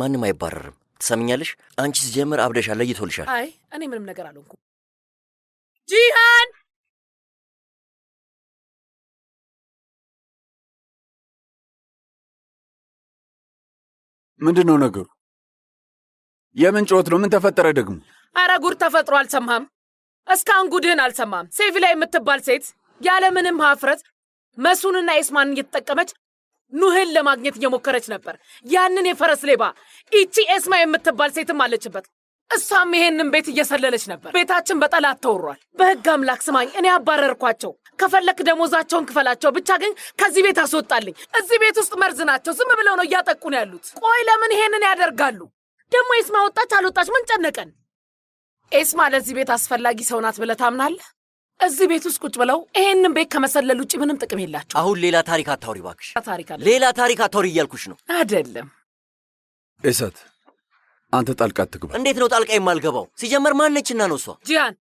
ማንም አይባረርም። ትሰምኛለሽ? አንቺ ሲጀምር አብደሻል፣ ለይቶልሻል። አይ እኔ ምንም ነገር አልሆንኩም። ጂሃን ምንድን ነው ነገሩ? የምን ጩኸት ነው? ምን ተፈጠረ ደግሞ? አረ ጉድ ተፈጥሮ አልሰማም እስካሁን ጉድህን አልሰማህም። ሴቪላ የምትባል ሴት ያለምንም ሀፍረት መሱንና ኤስማንን እየተጠቀመች ኑህን ለማግኘት እየሞከረች ነበር። ያንን የፈረስ ሌባ ይቺ ኤስማ የምትባል ሴትም አለችበት። እሷም ይሄንን ቤት እየሰለለች ነበር። ቤታችን በጠላት ተወሯል። በሕግ አምላክ ስማኝ፣ እኔ አባረርኳቸው። ከፈለክ ደሞዛቸውን ክፈላቸው፣ ብቻ ግን ከዚህ ቤት አስወጣልኝ። እዚህ ቤት ውስጥ መርዝ ናቸው። ዝም ብለው ነው እያጠቁ ነው ያሉት። ቆይ ለምን ይሄንን ያደርጋሉ? ደግሞ ኤስማ ወጣች አልወጣች ምን ጨነቀን? ኤስማ ለዚህ ቤት አስፈላጊ ሰው ናት ብለህ ታምናለህ? እዚህ ቤት ውስጥ ቁጭ ብለው ይሄንን ቤት ከመሰለል ውጭ ምንም ጥቅም የላቸው። አሁን ሌላ ታሪክ አታውሪ እባክሽ፣ ሌላ ታሪክ አታውሪ እያልኩሽ ነው። አይደለም እሰት፣ አንተ ጣልቃ አትግባ። እንዴት ነው ጣልቃ የማልገባው? ሲጀመር ማነችና ነው እሷ? ጂያን፣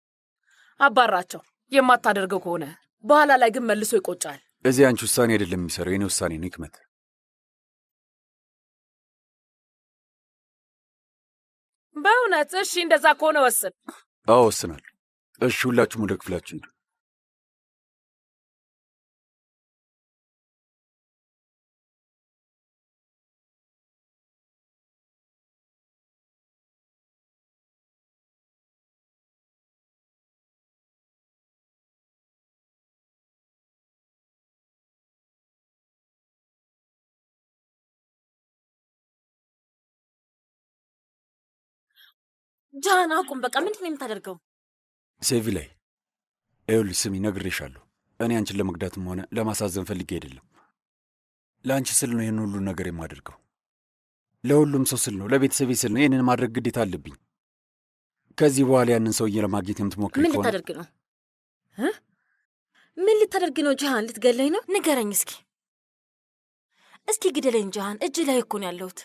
አባራቸው የማታደርገው ከሆነ በኋላ ላይ ግን መልሶ ይቆጫል። እዚህ አንቺ ውሳኔ አይደለም የሚሰራው፣ የኔ ውሳኔ ነው። ይክመት በእውነት እሺ፣ እንደዛ ከሆነ ወስን። አዎ ወስናል። እሺ፣ ሁላችሁም ወደ ክፍላችሁ ሂዱ። ጃን አቁም፣ በቃ ምንድን ነው የምታደርገው? ሴቪ ላይ ይኸውልሽ፣ ስሚ ነግሬሻለሁ። እኔ አንቺን ለመግዳትም ሆነ ለማሳዘን ፈልጌ አይደለም። ለአንቺ ስል ነው ይህን ሁሉ ነገር የማደርገው። ለሁሉም ሰው ስል ነው፣ ለቤተሰቤ ስል ነው። ይህንን ማድረግ ግዴታ አለብኝ። ከዚህ በኋላ ያንን ሰውዬ ለማግኘት የምትሞክር ምን ልታደርግ ነው? ምን ልታደርግ ነው? ጃሃን ልትገለኝ ነው? ንገረኝ እስኪ እስኪ ግደለኝ ጃሃን፣ እጅ ላይ እኮ ነው ያለሁት።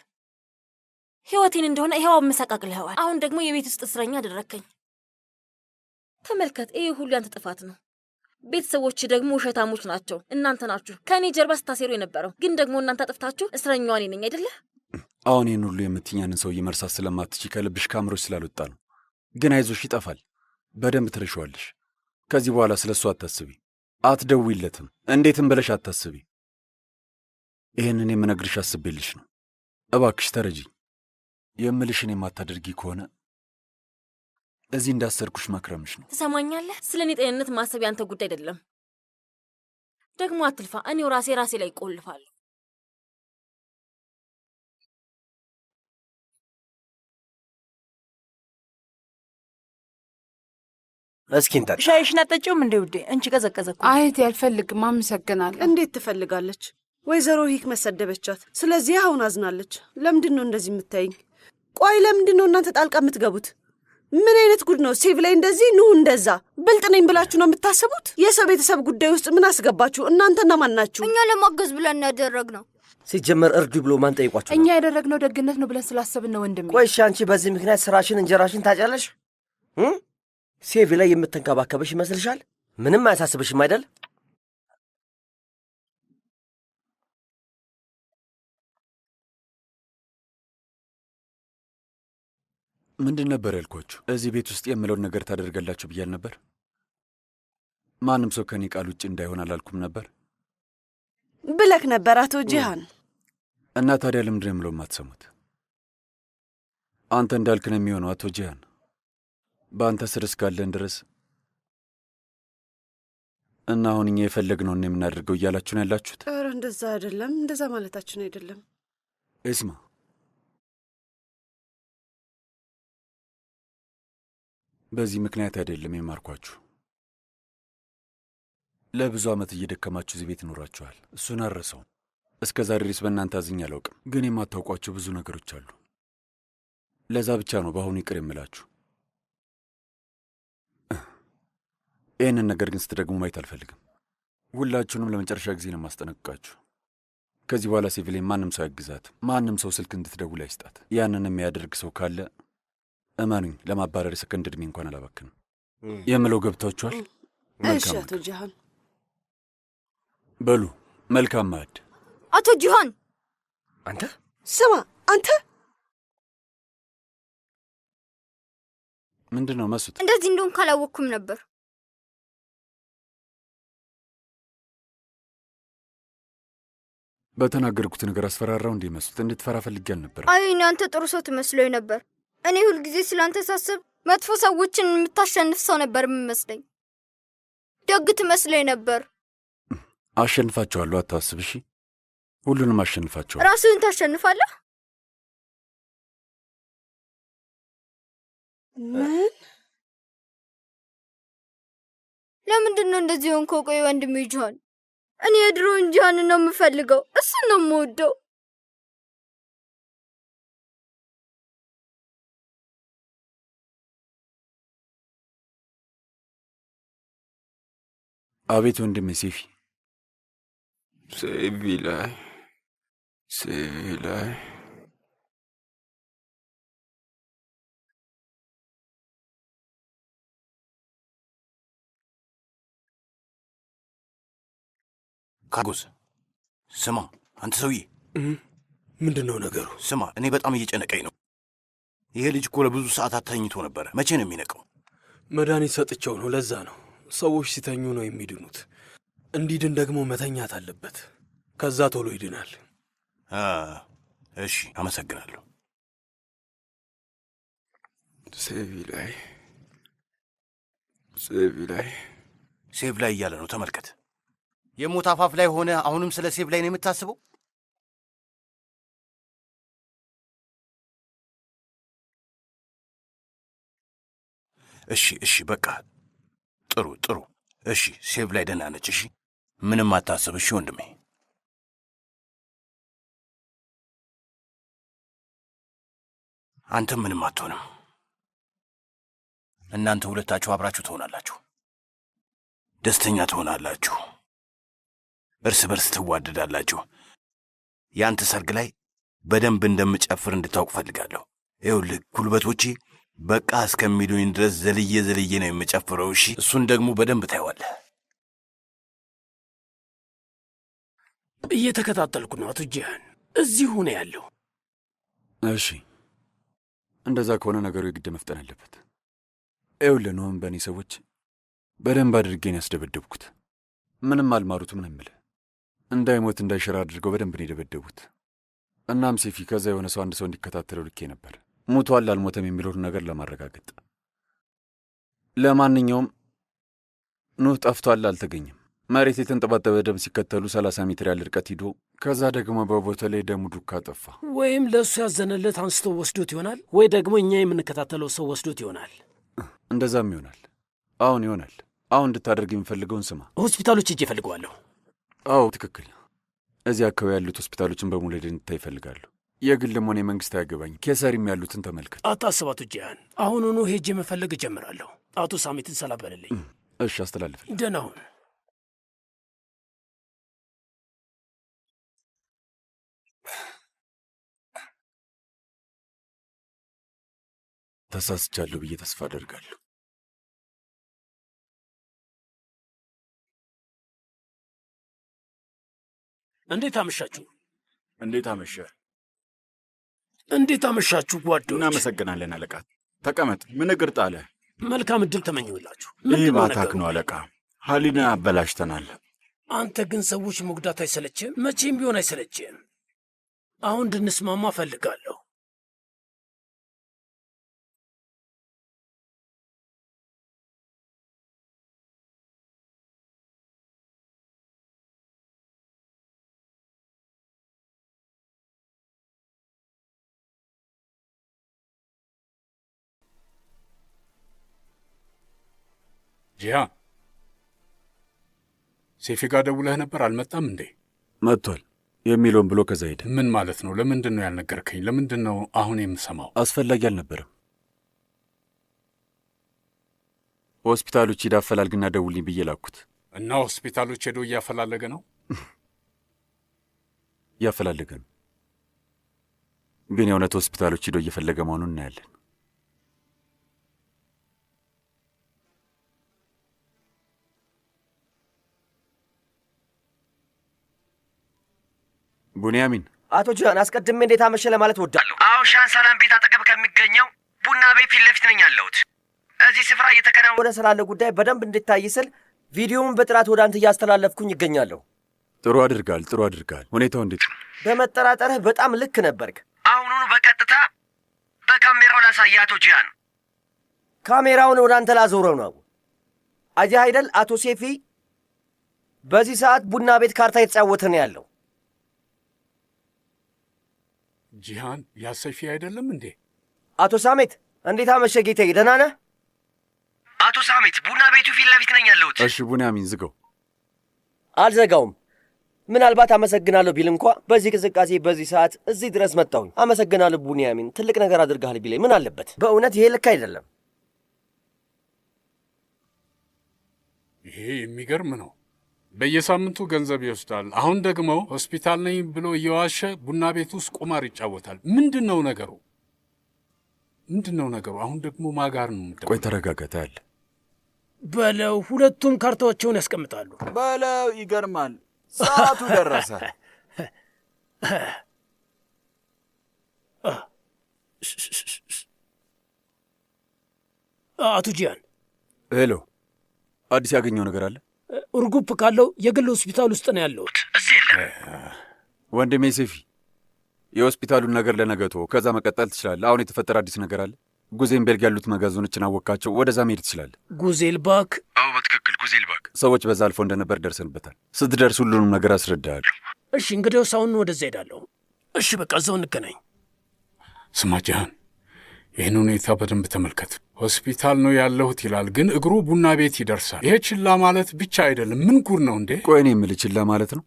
ህይወቴን እንደሆነ ይኸው አመሰቃቅልኸዋል። አሁን ደግሞ የቤት ውስጥ እስረኛ አደረግከኝ። ተመልከት፣ ይህ ሁሉ ያንተ ጥፋት ነው። ቤተሰቦች ደግሞ ውሸታሞች ናቸው። እናንተ ናችሁ ከእኔ ጀርባ ስታሴሩ የነበረው። ግን ደግሞ እናንተ አጥፍታችሁ እስረኛዋ እኔ ነኝ አይደለ? አሁን ይህን ሁሉ የምትኛንን ሰውዬ መርሳት ስለማትች ከልብሽ ከአእምሮሽ ስላልወጣ ነው። ግን አይዞሽ፣ ይጠፋል። በደንብ ትረሸዋለሽ። ከዚህ በኋላ ስለ እሱ አታስቢ፣ አትደውይለትም፣ እንዴትም ብለሽ አታስቢ። ይህንን የምነግርሽ አስቤልሽ ነው። እባክሽ ተረጂኝ። የምልሽን የማታደርጊ ከሆነ እዚህ እንዳሰርኩሽ ማክረምሽ ነው። ትሰማኛለህ? ስለ እኔ ጤንነት ማሰብ ያንተ ጉዳይ አይደለም። ደግሞ አትልፋ። እኔው ራሴ ራሴ ላይ ቆልፋለሁ። እስኪንታ ሻይሽን አጠጪውም እንዴ? ውዴ እንቺ ቀዘቀዘ። አየት አልፈልግም። አመሰግናለሁ። እንዴት ትፈልጋለች? ወይዘሮ ሂክ መሰደበቻት። ስለዚህ አሁን አዝናለች። ለምንድን ነው እንደዚህ የምታይኝ? ቆይ ለምንድን ነው እናንተ ጣልቃ የምትገቡት? ምን አይነት ጉድ ነው? ሴቭ ላይ እንደዚህ ኑ እንደዛ ብልጥ ነኝ ብላችሁ ነው የምታስቡት? የሰው ቤተሰብ ጉዳይ ውስጥ ምን አስገባችሁ እናንተና ማን ናችሁ? እኛ ለማገዝ ብለን ያደረግ ነው ሲጀመር እርዱ ብሎ ማን ጠይቋችሁ? እኛ ያደረግነው ደግነት ነው ብለን ስላሰብን ነው። ወንድሜ ቆይ እሺ፣ አንቺ በዚህ ምክንያት ስራሽን እንጀራሽን ታጫለሽ። ሴቪ ላይ የምትንከባከበሽ ይመስልሻል? ምንም አያሳስብሽም አይደል? ምንድን ነበር ያልኳችሁ? እዚህ ቤት ውስጥ የምለውን ነገር ታደርጋላችሁ ብያል ነበር። ማንም ሰው ከኔ ቃል ውጭ እንዳይሆን አላልኩም ነበር ብለክ ነበር አቶ ጂሃን። እና ታዲያ ልምድን የምለው የማትሰሙት? አንተ ነው የሚሆነው አቶ ጂሃን፣ በአንተ ስር እስካለን ድረስ እና አሁን እኛ የፈለግነውን የምናደርገው እያላችሁ ነው ያላችሁት? ኧረ እንደዛ አይደለም፣ እንደዛ ማለታችን አይደለም። ስማ በዚህ ምክንያት አይደለም የማርኳችሁ። ለብዙ ዓመት እየደከማችሁ እዚህ ቤት ይኖራችኋል። እሱን አረሰውም። እስከ ዛሬ ድረስ በእናንተ አዝኝ አላውቅም፣ ግን የማታውቋቸው ብዙ ነገሮች አሉ። ለዛ ብቻ ነው በአሁኑ ይቅር የምላችሁ። ይህንን ነገር ግን ስትደግሙ ማየት አልፈልግም። ሁላችሁንም ለመጨረሻ ጊዜ ነው የማስጠነቅቃችሁ። ከዚህ በኋላ ሴቪሌን ማንም ሰው ያግዛት፣ ማንም ሰው ስልክ እንድትደውል አይስጣት። ያንን የሚያደርግ ሰው ካለ እመኑኝ፣ ለማባረር የሰከንድ ዕድሜ እንኳን አላባክንም የምለው ገብታችኋል? እሺ አቶ ጂሃን። በሉ መልካም ማዕድ። አቶ ጂሃን አንተ ስማ፣ አንተ ምንድን ነው መሱት? እንደዚህ እንደሆን ካላወቅኩም ነበር። በተናገርኩት ነገር አስፈራራው እንዲህ መሱት። እንድትፈራ ፈልጌ አልነበር። አይ እናንተ ጥሩ ሰው ትመስሎኝ ነበር። እኔ ሁልጊዜ ስላንተ ሳስብ መጥፎ ሰዎችን የምታሸንፍ ሰው ነበር የምመስለኝ። ደግ ትመስለኝ ነበር። አሸንፋቸዋለሁ፣ አታስብ እሺ። ሁሉንም አሸንፋቸዋል። ራስህን ታሸንፋለህ። ምን? ለምንድን ነው እንደዚህ ሆንከው? ቆይ ወንድሜ ጆን፣ እኔ የድሮ ጆንን ነው የምፈልገው። እሱን ነው የምወደው። አቤት ወንድሜ ሴፊ። ሴቪ ላይ ሴቪ ላይ ካጎስ ስማ፣ አንተ ሰውዬ ምንድን ነው ነገሩ? ስማ፣ እኔ በጣም እየጨነቀኝ ነው። ይሄ ልጅ እኮ ለብዙ ሰዓታት ተኝቶ ነበረ። መቼ ነው የሚነቀው? መድኃኒት ሰጥቼው ነው፣ ለዛ ነው ሰዎች ሲተኙ ነው የሚድኑት። እንዲድን ደግሞ መተኛት አለበት። ከዛ ቶሎ ይድናል። እሺ፣ አመሰግናለሁ። ሴቪ ላይ ሴቪ ላይ ሴቭ ላይ እያለ ነው። ተመልከት። የሞት አፋፍ ላይ ሆነ አሁንም ስለ ሴቭ ላይ ነው የምታስበው? እሺ፣ እሺ፣ በቃ ጥሩ ጥሩ። እሺ ሴቭ ላይ ደህና ነች። እሺ ምንም አታስብ። እሺ ወንድሜ አንተም ምንም አትሆንም። እናንተ ሁለታችሁ አብራችሁ ትሆናላችሁ፣ ደስተኛ ትሆናላችሁ፣ እርስ በርስ ትዋደዳላችሁ። የአንተ ሰርግ ላይ በደንብ እንደምጨፍር እንድታውቅ ፈልጋለሁ። ይኸውልህ ጉልበቶቼ በቃ እስከሚሉኝ ድረስ ዘልዬ ዘልዬ ነው የምጨፍረው። እሺ፣ እሱን ደግሞ በደንብ ታይዋለህ። እየተከታተልኩ ነው አቶ ጂያን። እዚህ ሆነ ያለው። እሺ፣ እንደዛ ከሆነ ነገሩ የግድ መፍጠን አለበት። ይኸውልህ ኖህም በእኔ ሰዎች በደንብ አድርጌን ያስደበደብኩት ምንም አልማሩትም ነው የምልህ። እንዳይሞት እንዳይሸራ አድርገው በደንብ ነው የደበደቡት። እናም ሴፊ ከዛ የሆነ ሰው አንድ ሰው እንዲከታተለው ልኬ ነበር ሞቷል አልሞተም የሚለውን ነገር ለማረጋገጥ። ለማንኛውም ኑህ ጠፍቷል፣ አልተገኘም። መሬት የተንጠባጠበ ደም ሲከተሉ 30 ሜትር ያህል ርቀት ሂዶ ከዛ ደግሞ በቦታ ላይ ደሙ ዱካ ጠፋ። ወይም ለእሱ ያዘነለት አንስቶ ወስዶት ይሆናል፣ ወይ ደግሞ እኛ የምንከታተለው ሰው ወስዶት ይሆናል። እንደዛም ይሆናል። አሁን ይሆናል። አሁን እንድታደርግ የሚፈልገውን ስማ። ሆስፒታሎች እጅ ይፈልገዋለሁ። አዎ ትክክል። እዚህ አካባቢ ያሉት ሆስፒታሎችን በሙሉ ሄደን እንድታይ ይፈልጋሉ። የግልም ሆነ የመንግስት አያገባኝ። ኬሳሪም ያሉትን ተመልከት። አታስብ አቶ ጂያን፣ አሁኑኑ ሄጄ መፈለግ እጀምራለሁ። አቶ ሳሜትን ሰላም በልልኝ። እሺ፣ አስተላልፍልኝ። ደህና ሁን። ተሳስቻለሁ ብዬ ተስፋ አደርጋለሁ። እንዴት አመሻችሁ? እንዴት አመሻ? እንዴት አመሻችሁ ጓዶ እናመሰግናለን አለቃ። ተቀመጥ። ምን እግር ጣለ? መልካም እድል ተመኝውላችሁ። ይህ ባታክ ነው አለቃ። ሀሊን አበላሽተናል። አንተ ግን ሰዎች መጉዳት አይሰለችም? መቼም ቢሆን አይሰለችም። አሁን እንድንስማማ እፈልጋለሁ። ጂሃን ሴፌ ጋር ደውለህ ነበር አልመጣም እንዴ? መጥቷል የሚለውን ብሎ ከዛ ሄደ። ምን ማለት ነው? ለምንድን ነው ያልነገርከኝ? ለምንድን ነው አሁን የምሰማው? አስፈላጊ አልነበረም። ሆስፒታሎች ሄዳ አፈላልግና ደውልኝ ብዬ ላኩት እና ሆስፒታሎች ሄዶ እያፈላለገ ነው እያፈላለገ ነው። ግን የእውነት ሆስፒታሎች ሄዶ እየፈለገ መሆኑን እናያለን። ቡንያሚን አቶ ጅራን አስቀድሜ እንዴት አመሸ ለማለት ወዳለሁ። አዎ ሻን ሰላም ቤት አጠገብ ከሚገኘው ቡና ቤት ፊት ለፊት ነኝ ያለሁት። እዚህ ስፍራ እየተከናወነ ስላለ ጉዳይ በደንብ እንድታይ ስል ቪዲዮውን በጥራት ወደ አንተ እያስተላለፍኩኝ ይገኛለሁ። ጥሩ አድርጋል፣ ጥሩ አድርጋል። ሁኔታው እንዴት? በመጠራጠርህ በጣም ልክ ነበርክ። አሁኑኑ በቀጥታ በካሜራው ላሳየ አቶ ጂያን። ካሜራውን ወደ አንተ ላዞረው ነው። አየህ አይደል አቶ ሴፊ፣ በዚህ ሰዓት ቡና ቤት ካርታ የተጫወተ ነው ያለው። ጂሃን ያሰፊ አይደለም እንዴ? አቶ ሳሜት እንዴት አመሸ ጌታዬ፣ ደህና ነህ? አቶ ሳሜት ቡና ቤቱ ፊት ለፊት ነኝ ያለሁት። እሺ ቡንያሚን፣ ዝገው። አልዘጋውም። ምናልባት አመሰግናለሁ ቢል እንኳ በዚህ ቅዝቃዜ በዚህ ሰዓት እዚህ ድረስ መጣሁኝ። አመሰግናለሁ ቡንያሚን፣ ትልቅ ነገር አድርገሃል ቢላይ ምን አለበት? በእውነት ይሄ ልክ አይደለም። ይሄ የሚገርም ነው። በየሳምንቱ ገንዘብ ይወስዳል። አሁን ደግሞ ሆስፒታል ነኝ ብሎ እየዋሸ ቡና ቤት ውስጥ ቁማር ይጫወታል። ምንድን ነው ነገሩ? ምንድን ነው ነገሩ? አሁን ደግሞ ማጋር ነው። ቆይ ተረጋገታል በለው። ሁለቱም ካርታዎቸውን ያስቀምጣሉ በለው። ይገርማል። ሰዓቱ ደረሰ። አቶ ጂያን፣ ሄሎ። አዲስ ያገኘው ነገር አለ? እርጉፕ ካለው የግል ሆስፒታል ውስጥ ነው ያለሁት። እዚህ የለም ወንድሜ። ሴፊ የሆስፒታሉን ነገር ለነገቶ ከዛ መቀጠል ትችላለህ። አሁን የተፈጠረ አዲስ ነገር አለ። ጉዜልባክ ያሉት መጋዘኖችን አወቃቸው። ወደዛ መሄድ ጉዜል ባክ? አዎ በትክክል ባክ። ሰዎች በዛ አልፎ እንደነበር ደርሰንበታል። ስትደርስ ሁሉንም ነገር አስረዳሃለሁ። እሺ እንግዲ አሁን ወደዛ ሄዳለሁ። እሺ በቃ እዛው እንገናኝ። ስማ ጃሃን፣ ይህን ሁኔታ በደንብ ተመልከት። ሆስፒታል ነው ያለሁት ይላል፣ ግን እግሩ ቡና ቤት ይደርሳል። ይሄ ችላ ማለት ብቻ አይደለም። ምን ጉር ነው እንዴ? ቆይ እኔ የምልህ ችላ ማለት ነው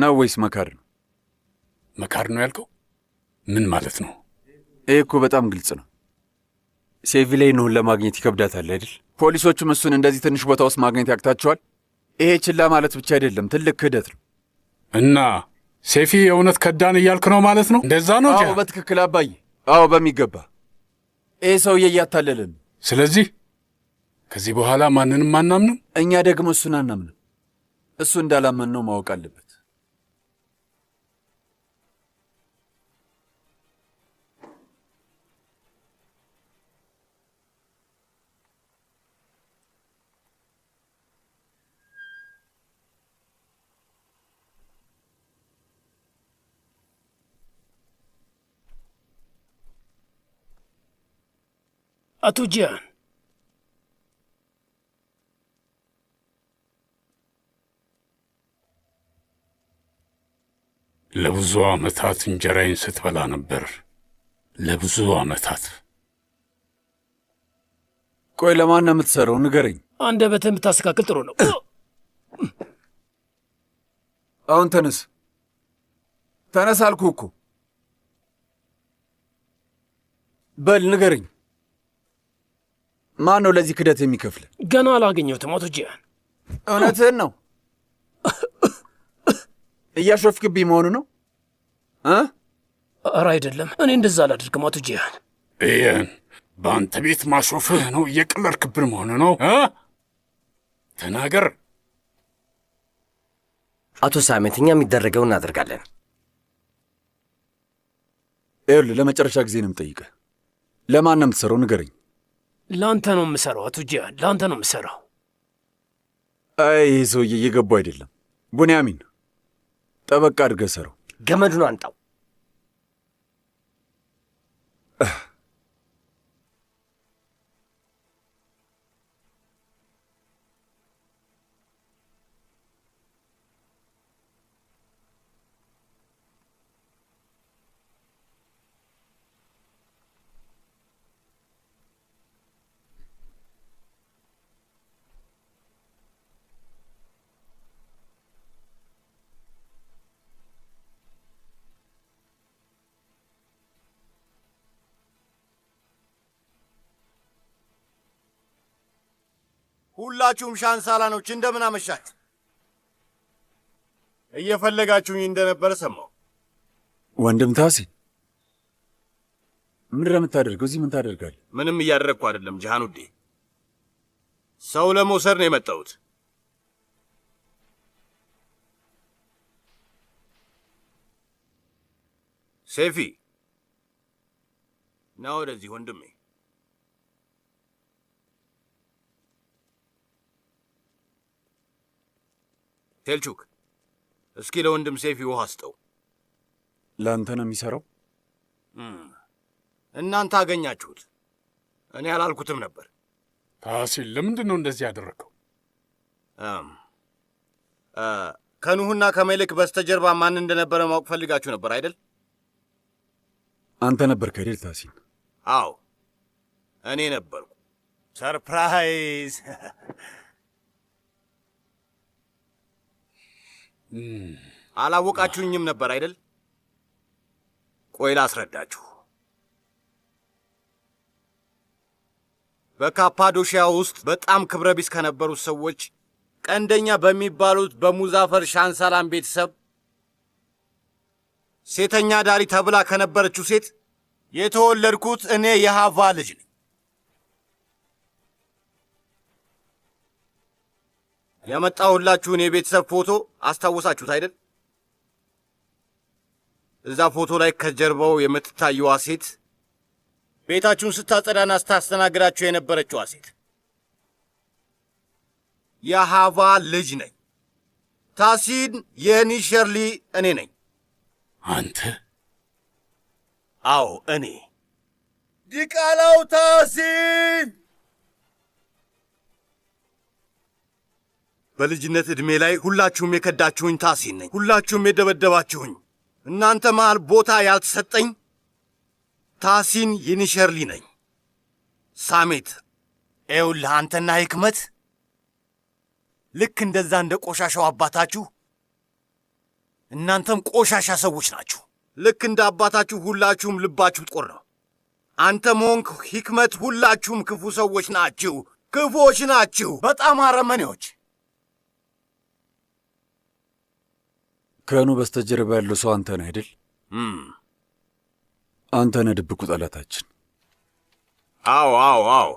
ነው ወይስ መካድ ነው? መካድ ነው ያልከው ምን ማለት ነው? ይህ እኮ በጣም ግልጽ ነው። ሴቪሌይኑን ለማግኘት ይከብዳታል አይደል? ፖሊሶቹም እሱን እንደዚህ ትንሽ ቦታ ውስጥ ማግኘት ያቅታቸዋል። ይሄ ችላ ማለት ብቻ አይደለም፣ ትልቅ ክህደት ነው። እና ሴፊ የእውነት ከዳን እያልክ ነው ማለት ነው? እንደዛ ነው። አዎ፣ በትክክል አባዬ። አዎ፣ በሚገባ ይህ ሰውዬ እያታለለን ስለዚህ ከዚህ በኋላ ማንንም አናምንም። እኛ ደግሞ እሱን አናምንም። እሱ እንዳላመን ነው ማወቅ አለበት። አቶ ጂያን ለብዙ ዓመታት እንጀራዬን ስትበላ ነበር። ለብዙ ዓመታት። ቆይ ለማን ነው የምትሠራው? ንገረኝ። አንደበትህን ብታስተካክል ጥሩ ነው። አሁን ተነስ፣ ተነስ አልኩህ እኮ። በል ንገረኝ። ማን ነው ለዚህ ክደት የሚከፍል? ገና አላገኘሁትም። ሞቱ ጂያን፣ እውነትህን ነው። እያሾፍክብኝ መሆኑ ነው? ኧረ አይደለም፣ እኔ እንደዛ አላደርግም። ሞቱ ጂያን፣ ይህን በአንተ ቤት ማሾፍህ ነው። እየቀለድክብን መሆኑ ነው። ተናገር አቶ ሳሜት። እኛ የሚደረገው እናደርጋለን። ይኸውልህ፣ ለመጨረሻ ጊዜ ነው የምጠይቅህ፣ ለማን ነው የምትሠራው? ንገረኝ። ለአንተ ነው የምሰራው፣ አቶ ጂያን ለአንተ ነው የምሰራው። አይ ይህ ሰውዬ እየገቡ አይደለም። ቡንያሚን ጠበቃ አድርገህ ሰራው። ገመዱን አንጣው። ሁላችሁም ሻንሳላኖች እንደምን አመሻችሁ። እየፈለጋችሁኝ እንደነበረ ሰማሁ። ወንድም ታሲ ምንድን ነው የምታደርገው? እዚህ ምን ታደርጋለህ? ምንም እያደረግኩ አይደለም ጃሃን ውዴ። ሰው ለመውሰድ ነው የመጣሁት። ሴፊ ና ወደዚህ ወንድሜ። ቴልቹክ፣ እስኪ ለወንድም ሴፊ ውሃ አስጠው ለአንተ ነው የሚሠራው። እናንተ አገኛችሁት። እኔ አላልኩትም ነበር። ታሲል፣ ለምንድን ነው እንደዚህ ያደረግከው? ከኑሁና ከመልክ በስተጀርባ ማን እንደነበረ ማወቅ ፈልጋችሁ ነበር አይደል? አንተ ነበር አይደል ታሲል? አዎ እኔ ነበርኩ። ሰርፕራይዝ አላወቃችሁኝም ነበር አይደል? ቆይ ላስረዳችሁ። በካፓዶሺያ ውስጥ በጣም ክብረ ቢስ ከነበሩት ሰዎች ቀንደኛ በሚባሉት በሙዛፈር ሻንሳላን ቤተሰብ ሴተኛ ዳሪ ተብላ ከነበረችው ሴት የተወለድኩት እኔ የሃቫ ልጅ ነኝ። ያመጣሁላችሁን የቤተሰብ ፎቶ አስታወሳችሁት አይደል? እዛ ፎቶ ላይ ከጀርባው የምትታየዋ ሴት ቤታችሁን ስታጸዳና ስታስተናግዳችሁ የነበረችዋ ሴት የሃቫ ልጅ ነኝ። ታሲን የኒሸርሊ እኔ ነኝ። አንተ? አዎ እኔ። ዲቃላው ታሲን በልጅነት ዕድሜ ላይ ሁላችሁም የከዳችሁኝ ታሲን ነኝ። ሁላችሁም የደበደባችሁኝ፣ እናንተ መሃል ቦታ ያልተሰጠኝ ታሲን ይንሸርሊ ነኝ። ሳሜት ኤውል አንተና ህክመት ልክ እንደዛ እንደ ቆሻሻው አባታችሁ እናንተም ቆሻሻ ሰዎች ናችሁ። ልክ እንደ አባታችሁ ሁላችሁም ልባችሁ ጥቁር ነው። አንተም ሆንክ ህክመት ሁላችሁም ክፉ ሰዎች ናችሁ፣ ክፉዎች ናችሁ፣ በጣም አረመኔዎች ከኑ በስተጀርባ ያለው ሰው አንተ ነህ አይደል? አንተ ነህ ድብቁ ጠላታችን። አዎ፣ አዎ፣ አዎ።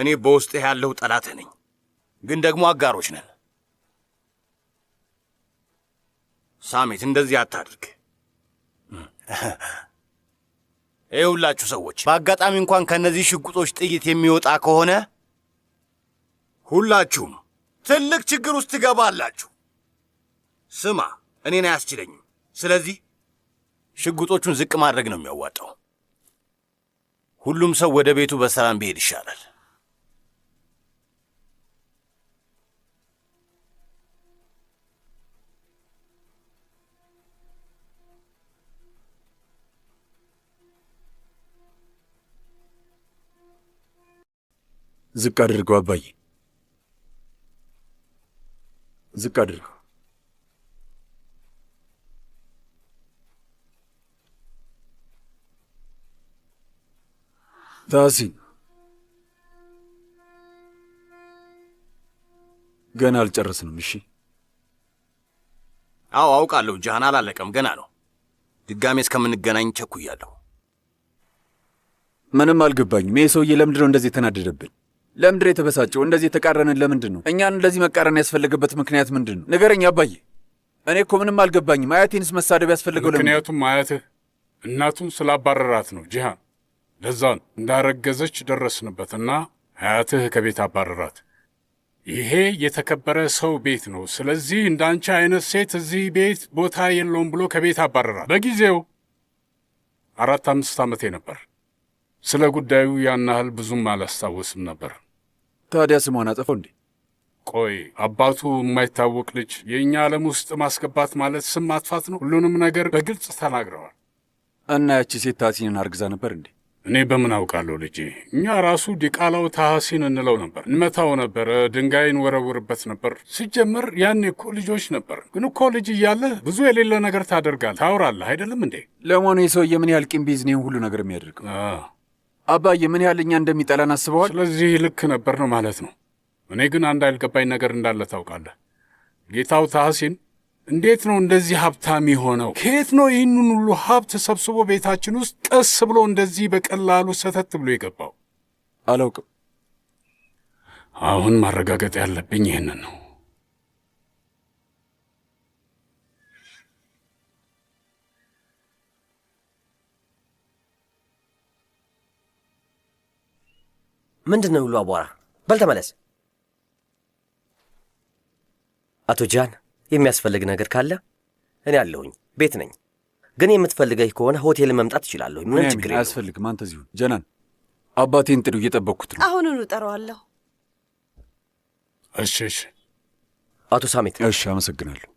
እኔ በውስጥ ያለው ጠላት ነኝ፣ ግን ደግሞ አጋሮች ነን። ሳሜት፣ እንደዚህ አታድርግ። ይህ ሁላችሁ ሰዎች በአጋጣሚ እንኳን ከእነዚህ ሽጉጦች ጥይት የሚወጣ ከሆነ ሁላችሁም ትልቅ ችግር ውስጥ ትገባላችሁ። ስማ፣ እኔን አያስችለኝም። ስለዚህ ሽጉጦቹን ዝቅ ማድረግ ነው የሚያዋጣው። ሁሉም ሰው ወደ ቤቱ በሰላም ቢሄድ ይሻላል። ዝቅ አድርገው አባዬ። ዝቅ አድርገው። ታሲን ገና አልጨረስንም። እሺ። አዎ አውቃለሁ። ጃሃን አላለቀም፣ ገና ነው። ድጋሜ እስከምንገናኝ ቸኩያለሁ። ምንም አልገባኝም። ይህ ሰውዬ ለምንድን ነው እንደዚህ የተናደደብን? ለምድር የተበሳጨው? እንደዚህ የተቃረንን ለምንድን ነው? እኛን እንደዚህ መቃረን ያስፈለገበት ምክንያት ምንድን ነው? ንገረኝ አባዬ። እኔ እኮ ምንም አልገባኝም። አያቴንስ መሳደብ ያስፈልገው ለምን? ምክንያቱም አያትህ እናቱን ስላባረራት ነው ጂሃን። ለዛን እንዳረገዘች ደረስንበትና አያትህ ከቤት አባረራት። ይሄ የተከበረ ሰው ቤት ነው። ስለዚህ እንዳንቺ አይነት ሴት እዚህ ቤት ቦታ የለውም ብሎ ከቤት አባረራት። በጊዜው አራት አምስት ዓመቴ ነበር። ስለ ጉዳዩ ያን ያህል ብዙም አላስታወስም ነበር። ታዲያ ስሟን አጠፈው እንዴ? ቆይ አባቱ የማይታወቅ ልጅ የእኛ ዓለም ውስጥ ማስገባት ማለት ስም ማጥፋት ነው። ሁሉንም ነገር በግልጽ ተናግረዋል። እና ያቺ ሴት ታሲንን አርግዛ ነበር እንዴ? እኔ በምን አውቃለሁ ልጄ። እኛ ራሱ ዲቃላው ታሐሲን እንለው ነበር፣ እንመታው ነበረ፣ ድንጋይ እንወረውርበት ነበር። ሲጀምር ያኔ እኮ ልጆች ነበር። ግን እኮ ልጅ እያለህ ብዙ የሌለ ነገር ታደርጋለህ፣ ታውራለህ አይደለም እንዴ? ለመሆኑ የሰውዬ ምን ያህል ቂም ቢዝ ነው ሁሉ ነገር የሚያደርገው? አባዬ ምን ያህል እኛ እንደሚጠላን አስበዋል። ስለዚህ ልክ ነበር ነው ማለት ነው። እኔ ግን አንድ ያልገባኝ ነገር እንዳለ ታውቃለህ። ጌታው ታሐሲን እንዴት ነው እንደዚህ ሀብታም የሆነው? ከየት ነው ይህንን ሁሉ ሀብት ሰብስቦ ቤታችን ውስጥ ቀስ ብሎ እንደዚህ በቀላሉ ሰተት ብሎ የገባው? አላውቅም። አሁን ማረጋገጥ ያለብኝ ይህንን ነው። ምንድን ነው ሁሉ አቧራ? በል ተመለስ። አቶ ጃን፣ የሚያስፈልግ ነገር ካለ እኔ አለሁኝ፣ ቤት ነኝ። ግን የምትፈልገኝ ከሆነ ሆቴል መምጣት እችላለሁ። ምን ችግር አያስፈልግም። አንተ እዚሁን። ጀናን፣ አባቴን ጥሩ፣ እየጠበቅኩት ነው። አሁኑኑ እጠራዋለሁ። እሺ፣ እሺ። አቶ ሳሜት። እሺ፣ አመሰግናለሁ።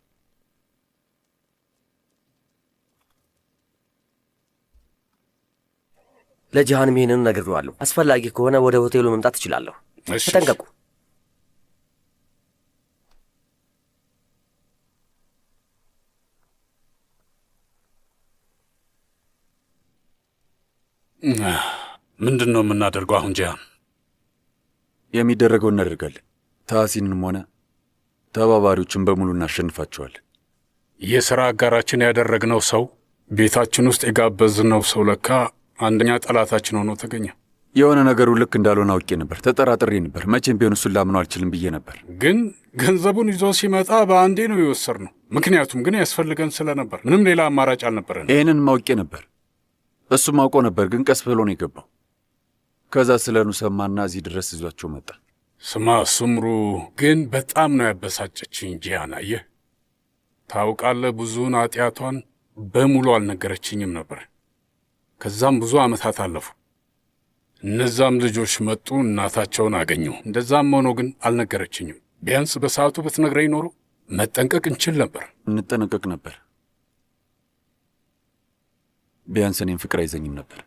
ለጂሃንም ይህንን ነግሬዋለሁ። አስፈላጊ ከሆነ ወደ ሆቴሉ መምጣት እችላለሁ። ተጠንቀቁ። ምንድን ነው የምናደርገው አሁን? ጂሃን? የሚደረገው እናደርጋለን። ታሲንንም ሆነ ተባባሪዎችን በሙሉ እናሸንፋቸዋል። የሥራ አጋራችን ያደረግነው ሰው ቤታችን ውስጥ የጋበዝነው ሰው ለካ አንደኛ ጠላታችን ሆኖ ተገኘ። የሆነ ነገሩ ልክ እንዳልሆነ አውቄ ነበር፣ ተጠራጥሬ ነበር። መቼም ቢሆን እሱን ላምነው አልችልም ብዬ ነበር። ግን ገንዘቡን ይዞ ሲመጣ በአንዴ ነው ነው ምክንያቱም ግን ያስፈልገን ስለነበር ምንም ሌላ አማራጭ አልነበረን። ይህንን ማውቄ ነበር፣ እሱም አውቆ ነበር። ግን ቀስ ብሎ ነው የገባው። ከዛ ስለኑ ሰማና እዚህ ድረስ ይዟቸው መጣ። ስማ ስምሩ፣ ግን በጣም ነው ያበሳጨችኝ ጂያን። አየህ ታውቃለህ፣ ብዙውን ኃጢአቷን በሙሉ አልነገረችኝም ነበር ከዛም ብዙ ዓመታት አለፉ። እነዛም ልጆች መጡ፣ እናታቸውን አገኘሁ። እንደዛም ሆኖ ግን አልነገረችኝም። ቢያንስ በሰዓቱ ብትነግረኝ ኖሮ መጠንቀቅ እንችል ነበር፣ እንጠነቀቅ ነበር። ቢያንስ እኔም ፍቅር አይዘኝም ነበር።